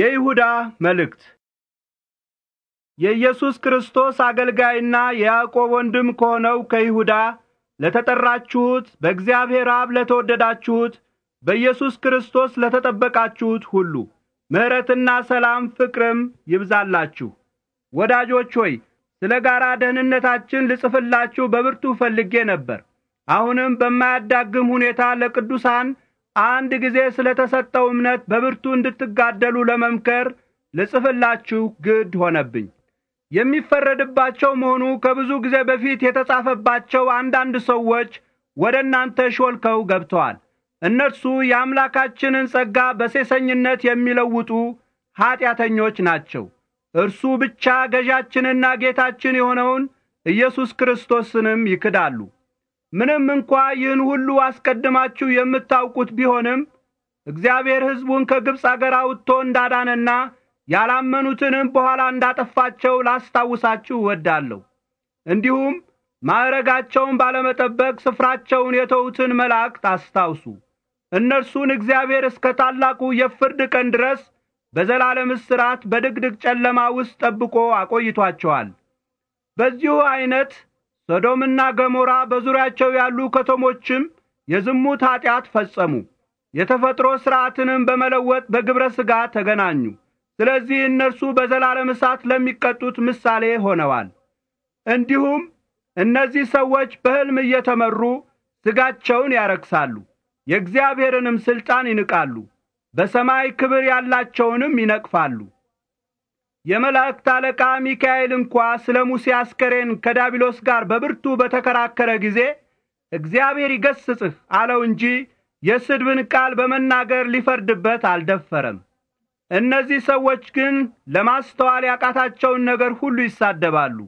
የይሁዳ መልእክት የኢየሱስ ክርስቶስ አገልጋይና የያዕቆብ ወንድም ከሆነው ከይሁዳ ለተጠራችሁት በእግዚአብሔር አብ ለተወደዳችሁት በኢየሱስ ክርስቶስ ለተጠበቃችሁት ሁሉ ምሕረትና ሰላም ፍቅርም ይብዛላችሁ። ወዳጆች ሆይ ስለ ጋራ ደህንነታችን ልጽፍላችሁ በብርቱ ፈልጌ ነበር። አሁንም በማያዳግም ሁኔታ ለቅዱሳን አንድ ጊዜ ስለ ተሰጠው እምነት በብርቱ እንድትጋደሉ ለመምከር ልጽፍላችሁ ግድ ሆነብኝ። የሚፈረድባቸው መሆኑ ከብዙ ጊዜ በፊት የተጻፈባቸው አንዳንድ ሰዎች ወደ እናንተ ሾልከው ገብተዋል። እነርሱ የአምላካችንን ጸጋ በሴሰኝነት የሚለውጡ ኀጢአተኞች ናቸው። እርሱ ብቻ ገዣችንና ጌታችን የሆነውን ኢየሱስ ክርስቶስንም ይክዳሉ። ምንም እንኳ ይህን ሁሉ አስቀድማችሁ የምታውቁት ቢሆንም እግዚአብሔር ሕዝቡን ከግብፅ አገር አውጥቶ እንዳዳነና ያላመኑትንም በኋላ እንዳጠፋቸው ላስታውሳችሁ እወዳለሁ። እንዲሁም ማዕረጋቸውን ባለመጠበቅ ስፍራቸውን የተዉትን መላእክት አስታውሱ። እነርሱን እግዚአብሔር እስከ ታላቁ የፍርድ ቀን ድረስ በዘላለም እስራት በድቅድቅ ጨለማ ውስጥ ጠብቆ አቆይቷቸዋል። በዚሁ ዐይነት ሰዶምና ገሞራ በዙሪያቸው ያሉ ከተሞችም የዝሙት ኀጢአት ፈጸሙ። የተፈጥሮ ሥርዓትንም በመለወጥ በግብረ ሥጋ ተገናኙ። ስለዚህ እነርሱ በዘላለም እሳት ለሚቀጡት ምሳሌ ሆነዋል። እንዲሁም እነዚህ ሰዎች በሕልም እየተመሩ ሥጋቸውን ያረክሳሉ፣ የእግዚአብሔርንም ሥልጣን ይንቃሉ፣ በሰማይ ክብር ያላቸውንም ይነቅፋሉ። የመላእክት አለቃ ሚካኤል እንኳ ስለ ሙሴ አስከሬን ከዳቢሎስ ጋር በብርቱ በተከራከረ ጊዜ እግዚአብሔር ይገስጽህ አለው እንጂ የስድብን ቃል በመናገር ሊፈርድበት አልደፈረም። እነዚህ ሰዎች ግን ለማስተዋል ያቃታቸውን ነገር ሁሉ ይሳደባሉ።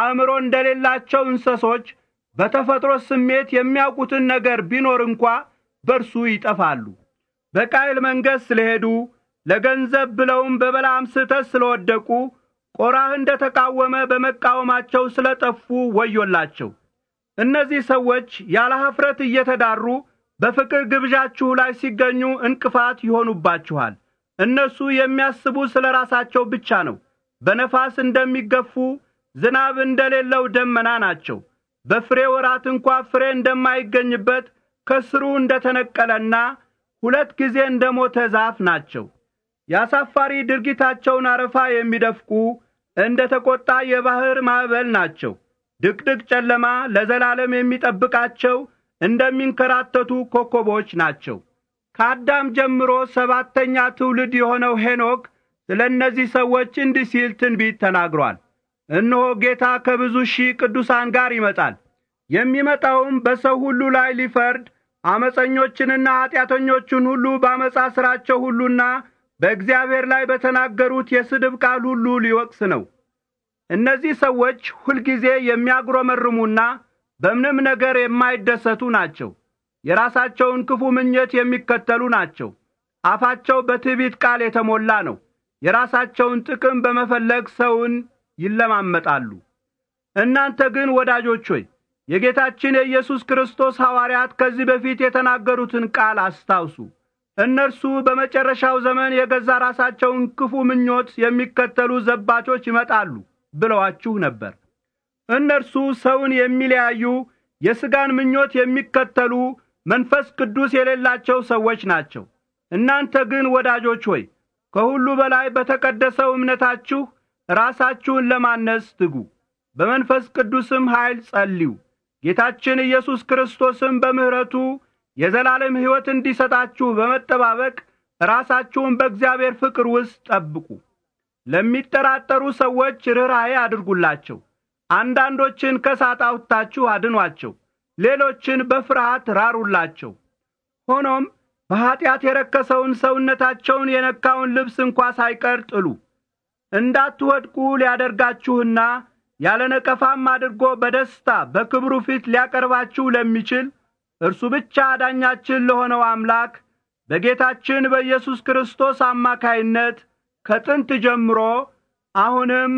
አእምሮ እንደሌላቸው እንስሶች በተፈጥሮ ስሜት የሚያውቁትን ነገር ቢኖር እንኳ በርሱ ይጠፋሉ። በቃይል መንገድ ስለሄዱ ለገንዘብ ብለውም በበላም ስህተት ስለወደቁ ቆራህ እንደ ተቃወመ በመቃወማቸው ስለ ጠፉ ወዮላቸው። እነዚህ ሰዎች ያለ ኀፍረት እየተዳሩ በፍቅር ግብዣችሁ ላይ ሲገኙ እንቅፋት ይሆኑባችኋል። እነሱ የሚያስቡ ስለ ራሳቸው ብቻ ነው። በነፋስ እንደሚገፉ ዝናብ እንደሌለው ደመና ናቸው። በፍሬ ወራት እንኳ ፍሬ እንደማይገኝበት ከስሩ እንደተነቀለና ሁለት ጊዜ እንደሞተ ዛፍ ናቸው። የአሳፋሪ ድርጊታቸውን አረፋ የሚደፍቁ እንደ ተቈጣ የባሕር ማዕበል ናቸው። ድቅድቅ ጨለማ ለዘላለም የሚጠብቃቸው እንደሚንከራተቱ ኮከቦች ናቸው። ከአዳም ጀምሮ ሰባተኛ ትውልድ የሆነው ሄኖክ ስለ እነዚህ ሰዎች እንዲህ ሲል ትንቢት ተናግሯል። እነሆ ጌታ ከብዙ ሺህ ቅዱሳን ጋር ይመጣል። የሚመጣውም በሰው ሁሉ ላይ ሊፈርድ ዓመፀኞችንና ኀጢአተኞችን ሁሉ በአመፃ ሥራቸው ሁሉና በእግዚአብሔር ላይ በተናገሩት የስድብ ቃል ሁሉ ሊወቅስ ነው። እነዚህ ሰዎች ሁልጊዜ የሚያጉረመርሙና በምንም ነገር የማይደሰቱ ናቸው። የራሳቸውን ክፉ ምኞት የሚከተሉ ናቸው። አፋቸው በትዕቢት ቃል የተሞላ ነው። የራሳቸውን ጥቅም በመፈለግ ሰውን ይለማመጣሉ። እናንተ ግን ወዳጆች ሆይ የጌታችን የኢየሱስ ክርስቶስ ሐዋርያት ከዚህ በፊት የተናገሩትን ቃል አስታውሱ። እነርሱ በመጨረሻው ዘመን የገዛ ራሳቸውን ክፉ ምኞት የሚከተሉ ዘባቾች ይመጣሉ ብለዋችሁ ነበር። እነርሱ ሰውን የሚለያዩ የሥጋን ምኞት የሚከተሉ መንፈስ ቅዱስ የሌላቸው ሰዎች ናቸው። እናንተ ግን ወዳጆች ሆይ ከሁሉ በላይ በተቀደሰው እምነታችሁ ራሳችሁን ለማነጽ ትጉ፣ በመንፈስ ቅዱስም ኃይል ጸልዩ። ጌታችን ኢየሱስ ክርስቶስም በምሕረቱ የዘላለም ሕይወት እንዲሰጣችሁ በመጠባበቅ ራሳችሁን በእግዚአብሔር ፍቅር ውስጥ ጠብቁ። ለሚጠራጠሩ ሰዎች ርኅራዬ አድርጉላቸው። አንዳንዶችን ከሳጣውታችሁ አውጥታችሁ አድኗቸው፣ ሌሎችን በፍርሃት ራሩላቸው። ሆኖም በኀጢአት የረከሰውን ሰውነታቸውን የነካውን ልብስ እንኳ ሳይቀር ጥሉ። እንዳትወድቁ ሊያደርጋችሁና ያለ ነቀፋም አድርጎ በደስታ በክብሩ ፊት ሊያቀርባችሁ ለሚችል እርሱ ብቻ አዳኛችን ለሆነው አምላክ በጌታችን በኢየሱስ ክርስቶስ አማካይነት ከጥንት ጀምሮ አሁንም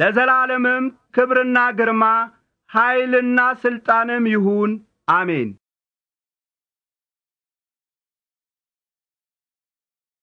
ለዘላለምም ክብርና ግርማ ኃይልና ሥልጣንም ይሁን አሜን